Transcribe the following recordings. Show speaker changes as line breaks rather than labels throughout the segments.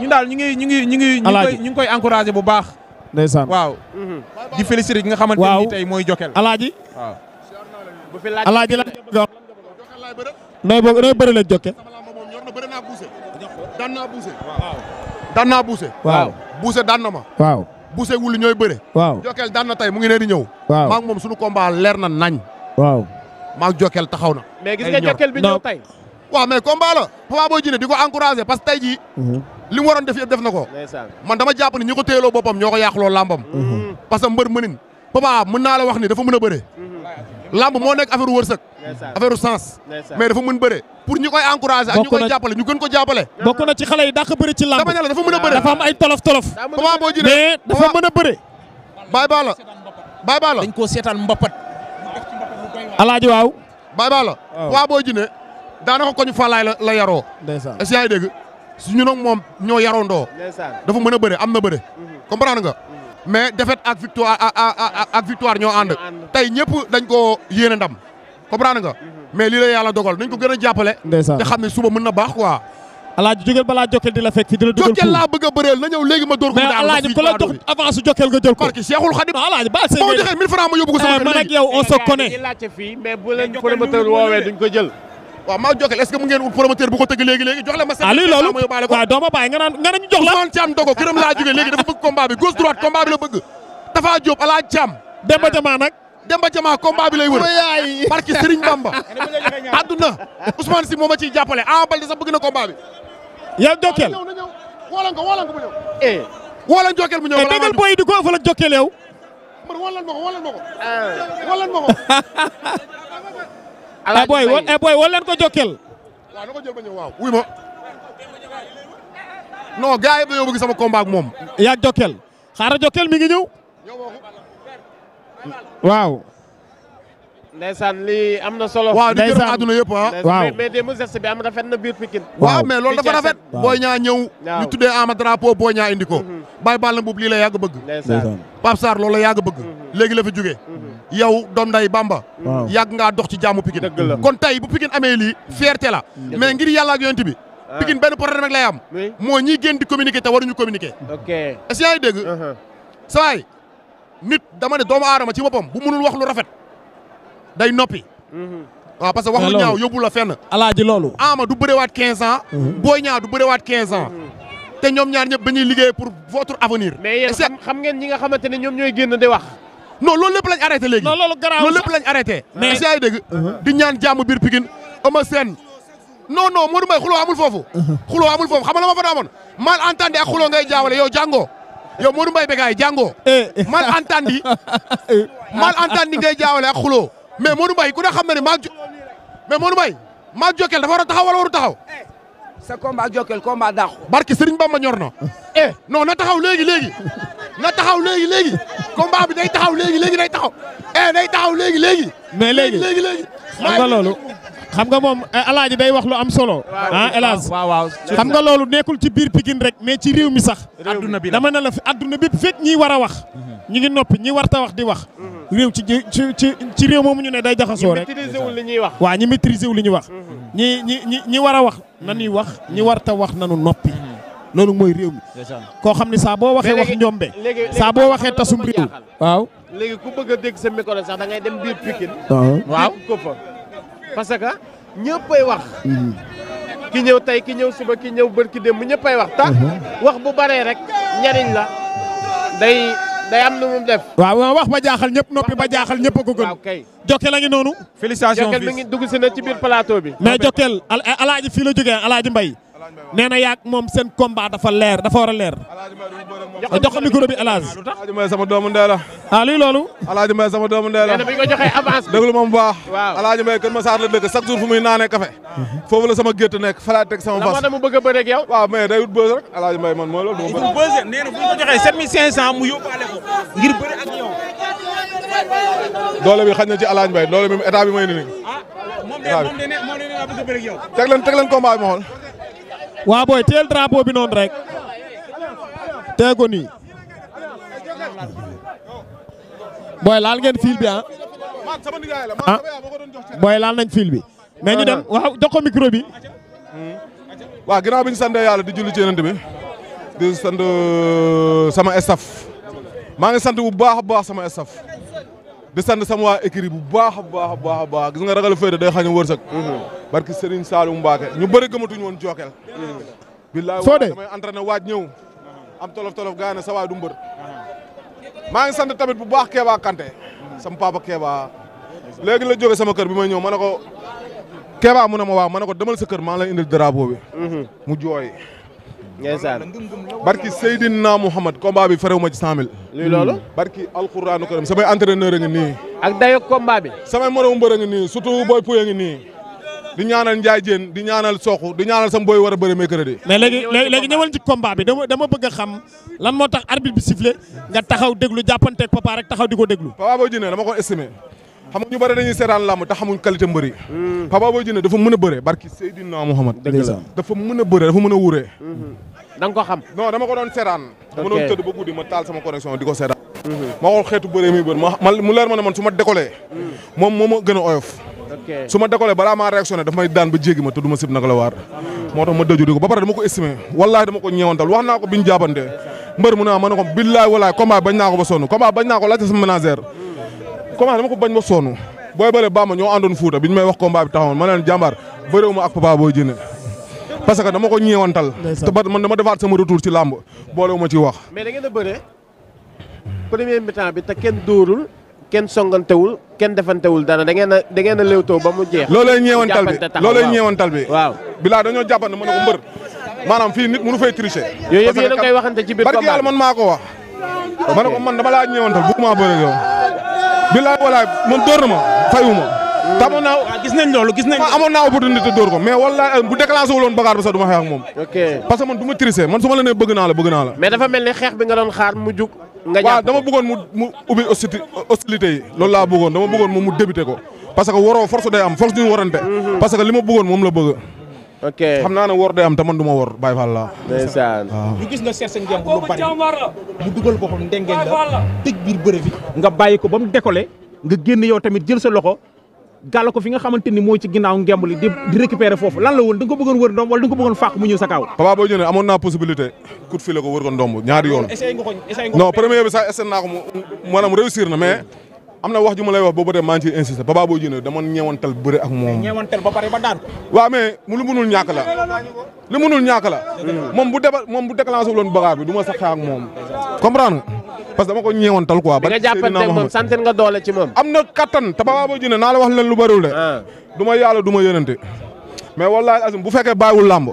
ñu daal ñu ngi ñu ngi ñu ngi. alaaji ñu ngi koy encouragé bu baax. ndeysaan waaw. Mm-hmm. di félicité ki nga xamante ni tey mooy Jokal. alaaji. waaw. alaaji lan nga wax. nooy boog nooy bëri la Jokal. daan naa buuse. waaw daan naa buuse. waaw buuse daan na ma. waaw buuse wul ñooy bëre. waaw Jokal daan na tey mu ngi leen di ñëw. waaw maa ngi moom suñu combat leer na nañ. waaw maa ngi Jokal taxaw na. mais gis nga Jokal bi ñëw tey. waaw mais combat la. Papa Boy Djiné di ko encouragé parce que tey jii. Mm-hmm. li mu waroon def yëpp def na ko man dama jàpp ni ko téyeloo boppam ñoo ko yàqloo làmbam mhm. parce que mbër mënin papa mën naa la wax ni dafa mën a bëre mhm. làmb moo nekk affaire wërsëg affaire sens mais dafa mën bëre pour ñu koy encourager ak ñu koy jàppale ñu gën ko jàppale bokk na ci xale yi dàq bëre ci làmb dafa mën a bëre dafa am ay tolof tolof papa boo jine mais dafa mën a la baay baa la koo seetaan mbappat alaaji waaw baay la papa boo jine daanaka koñu falaay la la yaroo est-ce yaa ngi suñu nag moom ñoo yarandoo. dafa mën a bëre am na bëre. Mhm. comprendre nga. Mhm. mais défaite ak victoire ak victoire ñoo ànd. tey ñëpp dañ koo yéene ndam. comprendre nga. Mhm. mais lii la yàlla dogal nañ ko gën a jàppale. te xam ne suba mën na baax quoi. alaaji jógeel balaa jokkel di la fekk di la dugal jokkel laa bëgg a bëreel na ñëw léegi ma door ko mais alaaji la jox nga jël ko barki Cheikhul ba ma joxee 1000 francs yóbbu ko sama eh, kër man ak on se connaît mais bu leen promoteur woowee duñ waaw maa jokkale est-ce que mu ngeen wut promoteur bu ko tëgg léegi léegi jox la ma. ah luy loolu waaw doo ma bàyyi nga naan nga nañu jox la. Ousmane Thiam dogo këram laa jógee léegi dafa bëgg combat bi gauche droite combat la bëgg. Tafa Diop ala Thiam. Demba Jama nag. Demba Jama combat lay wër. barki Serigne Bamba. àdduna Ousmane si moom a ciy jàppale Balde sax bëgg na combat yaa Jokal waaw woolan ko woolan ko mu eh. eh, di ko woolan ma ko. woolan alaaji booy wol eh booy eh, wol leen ko jokkel. waaw na ko jël ba ñëw waaw sama combat moom. yaa jokkel xaaral jokkel mi ngi ñëw. waaw. ndeysaan lii am na solo. waaw di gërëm àdduna yëpp ah. waaw mais démb geste bi am biir Pikine. waaw mais loolu dafa rafet. booy ñaa ñëw. ñu tuddee ama drapeau booy ñaa indi ko. bàyyi mhm. baal na boobu lii la yàgg bëgg. ndeysaan Pape Sarr loolu bëgg. Mhm. léegi la fi jugee. Mhm. yow doom nday Bamba. yàgg ngaa dox ci jaamu Pikine. kon tey bu Pikine amee lii fierté la. mais ngir yàlla ak yonent bi. Ah. Pikine benn problème rek lay am. moo ñiy génn di communiquer te waruñu communiquer. ok est-ce que yaa ngi uh-huh. nit dama ne doomu aadama ci boppam bu mënul wax lu rafet day noppi. Mm-hmm. waaw parce que wax lu ñaaw yóbbu fen fenn. alaaji loolu. Ama du bërewaat 15 ans. Mm-hmm. Boy Niang du bërewaat quinze ans. Mm-hmm. te ñoom ñaar ñëpp ba ñuy liggéey pour votre avenir. mais yéen xam ngeen ñi nga xamante ne ñoom ñooy génn di wax. non loolu lépp lañ arrêté léegi. non loolu garaaw loolu lépp lañ arrêté. mais si ay dégg. di ñaan jàmm biir Pikine Eumeu Sène non xuloo amul foofu. xuloo amul foofu xam nga la ma fa daamoon mal entendu ak xuloo ngay jaawale yow jàngoo yow Modou Mbaye Becaye jàngoo. Eh. mal entendu mal entendu ngay jaawale ak xuloo mais Modou Mbaye ku ne xam ma ne maa mais Modou Mbaye maa Jokal dafa war a taxaw wala waru taxaw. Eh, sa combat Jokal combat dàqu. barki Serigne Bamba ñor na. eh non na taxaw léegi léegi. na taxaw léegi léegi combat bi day taxaw léegi léegi day taxaw eh day taxaw léegi léegi. mais léegi léegi léegi. xam nga loolu xam nga moom eh, alaaji day wax lu am solo. ah hélas xam nga loolu nekkul ci biir Pikine rek mais ci réew mi sax. adduna bi dama ne la fi adduna bi fekk ñi war a wax. ñi ngi noppi ñi ta wax di wax. Mhm. réew ci ci ci ci réew moomu ñu ne day jaxasoo rek. ñi maîtriser wul li ñuy wax. waaw mhm. ñi maîtriser wul li ñuy wax. ñi ñi ñi war a wax na ñuy wax ñi war warta wax nanu noppi. Mhm. loolu mooy réew mi. koo xam ne saa boo waxee wax njombe. saa boo waxee tasum réew. waaw léegi ku bëgg a dégg sa micro sax da ngay dem biir Pikine. waaw ko fa parce que ñëppay wax. Mm-hmm. ki ñëw tey ki ñëw suba ki ñëw bër ki dem bu ñëppay wax tax. Mm-hmm. wax bu baree rek ñariñ la day. day am lu mu def. waaw wax ba jaaxal ñëpp noppi ba jaaxal ñëpp a ko gën. waaw kay Jokal la ngi noonu. félicitations Jokal mi ngi dugg si na ci biir plateau bi. mais Jokal alaaji fii la jógee alaaji mbay nee na yaag moom seen combat dafa leer dafa war a leer. jox ko micro bi El Hadj. Alaaji Mbaye sama doomu ndey la. ah loolu. Alaaji Mbaye sama doomu ndey la. na bi nga joxe avance. déglu ma bu baax. waaw Alaaji Mbaye Kër Massar la dëkk chaque jour fu muy naanee café. Mhm. foofu la sama gétt nekk fa laa teg sama fas. la moo bëgg a waaw mais day wut bës rek Alaaji Mbaye man mooy loolu. du ma bës nee na bu ñu ko mu yóbbaale ngir bëri ak yow. doole bi xaj na ci Alaaji Mbaye doole bi état bi may ni ah, a waa booy teel drapeau bi noonu rek tee ko nii booy laal ngeen fil bi ah ah booy laal nañ fiil bi mais ñu dem waaw jox ko micro bi. waaw ginnaaw bi yàlla di julli ci yonent bi di sant euh, sama staff maa ngi sant bu baax baax sama staff. di sant sama waa écrit bu baax a baax a baax gis nga ragal fayda day xañ a wërsëg. Mhm. barki Serigne Saloum Mbacke ñu bëri gëmatuñu woon Jokal. Mhm. billaay waa damay entraîné waaj ñëw. Mhm. am tolof tolof gaa ne sa waay maa ngi sant tamit bu baax Kéba Kanté. sama papa Kéba. léegi la jóge sama kër bi may ñëw ma ne ko. Kéba mu ne ma waaw ma ne ko demal sa kër maa ngi lay indil drapeau bi. mu jooy. ndeysaan barki Seydina Mouhamad combat bi farewu ma ci 100000. luy loolu. Hmm. barki alxuraanu karim samay entraîneur a ngi nii. ak dayo combat bi. samay moromu mbër a ngi nii surtout booy puy a ngi nii. di ñaanal Ndiaye di ñaanal Sokh di ñaanal sam booy war a bëri mercredi. mais léegi léegi ñëwal ci combat bi dama dama a xam lan moo tax arbitre bi nga taxaw déglu jàppanteeg papa rek taxaw di ko déglu. papa boo jëndee dama ko estimé. xam nga ñu bëri dañuy seetaan làmb te xamuñ qualité mbëri hmm. Papa Boy Djiné dafa mën a bëre barki Seydina Mouhamad dafa mën a bëre dafa mën a wuuree hmm. da ko xam non dama ko doon seetaan dama doon tëdd ba guddi ma taal sama connexion di ko seetaan hmm. ma xool xeetu bëree muy mu leer ma ne man su ma moom ma gën a oyof su ma décollé balaa maa réactionné daf may daan ba jéggi ma te du ma sib naka la waar moo ma dëju di ko ba pare dama ko estimé wallaahi dama ko ñeewantal naa ko biñu jaabante mbër mu ne ma ne ko billaay walaay combat bañ comment ko bañ ma sonn booy bëre may wax combat bi taxawoon ma leen jàmbaar bëréewu ma ak Papa Boy Djiné parce que dama ko ñeewantal te ba man dama defaat sama retour ci làmb boolewu te kenn dóorul kenn songantewul kenn defantewul dara da ngeen a da ngeen a léewtoo ba mu jeex loolay ñeewantal bi loolay ñeewantal bi bilaa dañoo jàppante ma ne ko mbër maanaam yooyu yëpp yéen a koy waxante ci biir barki maa ko wax ma ne ko man dama laa ñeewantal bu ma bëre bilaay walaay man dóor na ma fayu ma. te amoon naa ah, gis nañ loolu gis nañ. Ah, amoon naa opportunité dóor ko mais walaay eh, bu déclenché wu loon bagaar bi sax du ma xeex ak moom. du ma tricher man su ma la nee bëgg naa la mel ni xeex bi nga doon xaar mu jug. nga waaw dama bëggoon mu mu ubbi hostilité laa bëggoon dama bëggoon moom mu débuté ko parce que waroo force am force duñu warante mhm. parce li ma bëggoon moom la bëgg ok xam naa ne wor day am te du ma wor Baye Fall mu dugal boppam ndengeen la tëj biir bëre nga bàyyi ko ba mu décollé nga génn yow tamit jël sa loxo fi nga xamante ni ci ginnaaw ngemb li di di foofu lan la woon da nga wër ndomb wala da nga ko mu ñëw sa kaw. Papa naa possibilité coup de ko wër ko ndomb ñaari yoon. essayé nga ko non premier bi sax mu maanaam na mais. am na wax ju ma lay wax boobu te maa ngi ciy dama ñeewantal bëre ak moom. ñeewantal mu lu munul ñàkk la. li munul ñàkk la. moom bu deba moom bu déclenché wu loon bagaar bi du ma ak moom. comprendre nga parce dama ko ñeewantal quoi. ba nga jàppanteeg moom sant nga doole ci moom. am na kattan te Papa naa la wax leen lu bëriwul de. Ah. du ma yàlla du ma yónente mais wallaahi azim bu fekkee bàyyiwul làmb.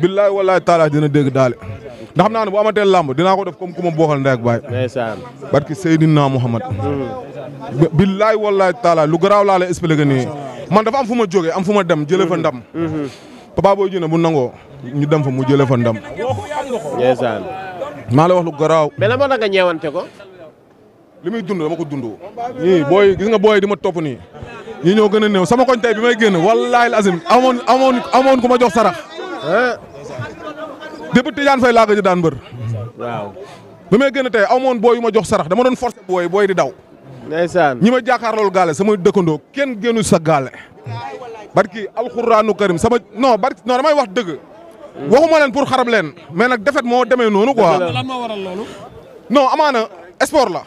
billaahi wallaahi taala dina dégg ndax xam naa ne bu amatee làmb dinaa ko def comme ku ma booxal ndey ak baay. ndeysaan. barki Seydina Muhammad. Hmm. billaay wallaay taalaay lu garaaw laa lay expliqué man dafa am fu ma jógee am fu ma dem jëlee fa ndam. Hmm. Papa Boy Djiné bu nangoo ñu dem fa mu jëlee fa ndam. maa la wax lu garaaw. mais la moo ñeewante ko. li muy dund dama ko dund. ñii booy gis nga booy di ma topp nii. ñii ñoo gën a néew sama koñ tey bi ma génn wallaahi al azim amoon amoon amoon ku ma jox sarax. depuis Tidiane Faye laa gëj daan mbër. waaw. ba may gën a tey aw ma woon yu ma jox sarax dama doon forcer booy booy di daw. ndeysaan ñi ma jàkkaar loolu gaale sama dëkkandoo kenn génnu sa gaale. barki alxuraanu karim sama noo barki non damay wax dëgg. waxuma leen pour xarab leen mais nag defet moo demee noonu quoi. lan moo waral loolu. non amaana sport la.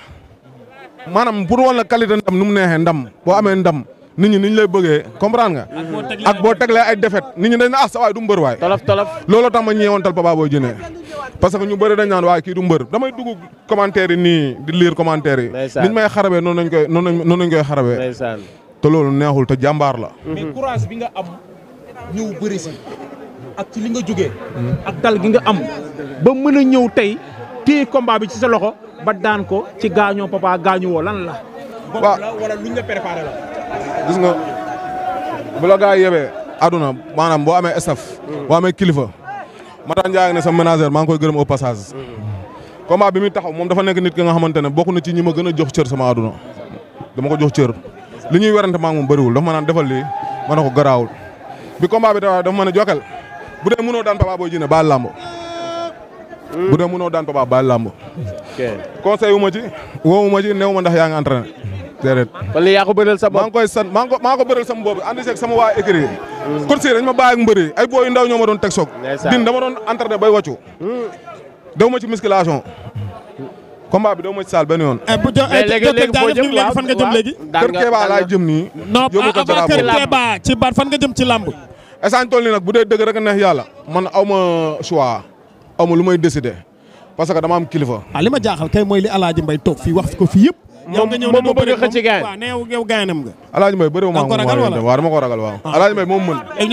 maanaam pour wàllu qualité ndam nu mu neexee ndam boo amee ndam. nit ñi ni ñu lay bëggee comprendre nga. ak boo teglee ay defet nit ñi dañ ne ah a waay du mbër waay. tolof tolof looloo tama ma ñeewantal Papa Boy Djiné parce que ñu bëri dañ naan waaye kii du mbër damay dugg commentaire yi nii di lire commentaire yi. niñ may xarabee noonu lañ koy noonu lañ koy xarabee. te loolu neexul ta jàmbaar la. mais courage bi nga am ñëw bëri si ak ci li nga jógee. ak dal gi nga am ba mën a ñëw tey téye combat bi ci sa loxo ba daan ko ci gaañoo papa gaañu woo lan la. waaw la. gis nga bu la gaa yebee aduna maanaam boo amee staff boo amee kilifa Mata Ndiaye ne sa ménagère maa ngi koy gërëm au passage combat bi muy taxaw moom dafa nekk nit ki nga xamante ne bokk na ci ñi ma gën a jox cër sama aduna dama ko jox cër li ñuy werante maa ngi moom bëriwul dafa ma naan defal lii ma ne ko garaawul bi combat bi taxaw dafa ma ne jokkal bu dee mënoo daan Papa Boy Djiné baal làmb bu dee mënoo daan Papa baal làmb conseil wu ma ci woowu ma ci néew ma ndax déedéet wala yaa ko bëral sa bopp maa ngi koy sant maa ngi ko maa ko bëral sama bopp ànd seeg sama waa écrit course yi hmm. dañ ma bàyyi ak ay booy yu ndaw ñoo ma doon teg soog din dama doon entraîné bay wàccu hmm. daw ma ci musculation combat bi doo ma ci saal benn yoon. Eh, bu jo eh, léegi fan nga jëm léegi. kër Kéba laay jëm nii. yóbbu ko ah, ah, Dara kër Kéba ci baat fan nga ci làmb. instant toll nii nag bu dee dëgg rek a neex yàlla man aw ma choix aw ma lu may décider parce que dama am kilifa. ah li ma jaaxal kay mooy li Alaaji Mbay toog fii wax ko fii yëpp. yow nga ñëw moom bëgg xëcc gaay waaw ne yow yow gaynam nga alaaji may ma ko ah. mën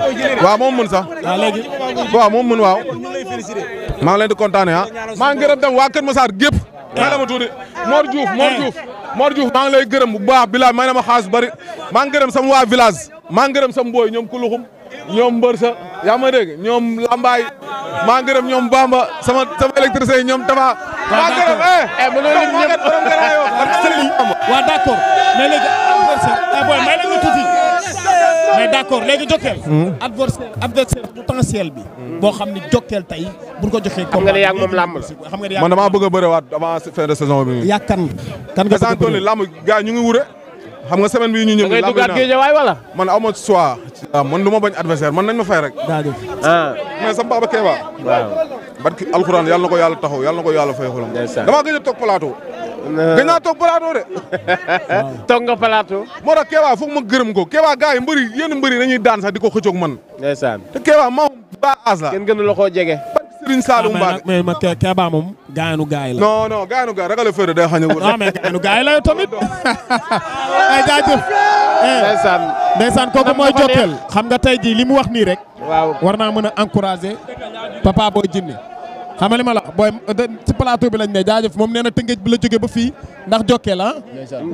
léegi moom mën sax waaw ah, léegi waaw moom mën waaw maa ngi leen di kontaane ah maa ngi gërëm dem waa Kër Massar gépp may dama tuuti Mor Diouf Mor eh. Diouf Mor Diouf maa ngi lay gërëm bu baax bilaay may na ma xaas bëri maa ngi gërëm sam waa village maa ngi gërëm sama booy ñoom kuluxum ñoom mbërsa yaa ma dégg ñoom lambaay maa ngi gërëm ñoom bamba sama sama électricien ñoom tafa waa Ngërëm eh. eh mënoo lim ñëpp borom Ngërëm yoo xam sëriñ waaw d' accord bi. boo xam ni Jokal tey bu ñu ko joxee. xam nga ne yaa ngi moom làmb la man damaa bëgg a bëriwaat avant fin de saison bi. yaa kan kan nga bëgg a ñu ngi wure. xam nga semaine bii ñu ñëw. làmb yi ngay dugg wala. man aw ma choix. Ah, man du ma bañ adversaire man nañ ma fay rek. daa ah. mais sama Baba Keba. barki alxuraan yàlla na ko yàlla taxaw yàlla na ko yàlla fay xolam. damaa gëj a toog plateau. gëj naa toog plateau de. toog nga plateau. moo tax Kéba foog ma gërëm ko Kéba gars yi mbëri yenn dañuy daan sax di ko xëccoog man. te Kéba maa ba aas la. kenn gënu la koo jege. Serigne Saloum Mbacké ah, mais mais Kéba moom gaanu gaay la non non gaanu gaay ragal fëre day xañ a wër. non mais gaanu gaay eh. mooy jotteel xam nga tey jii li mu wax nii rek. waaw war naa mën a encourager papa booy jinne xam li ma la wax booy ci bi lañ ne jaajëf moom nee na tëngeej bi la jógee ba fii ndax jokkeel ah.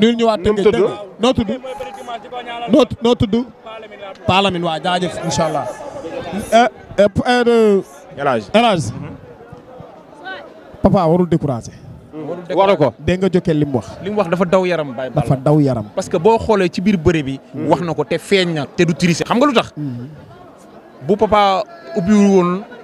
nuyul ñu waa tëngeej dégg noo tudd. noo noo allah. Eh, eh, El mhm. papa warul découragé. waru ko dégg nga jokkee li mu wax. li mu wax dafa daw yaram dafa daw yaram. parce que boo xoolee ci biir bëre bi. wax na ko te feeñ na te du tricher xam nga lu tax. Mm-hmm. bu papa ubbiwul woon.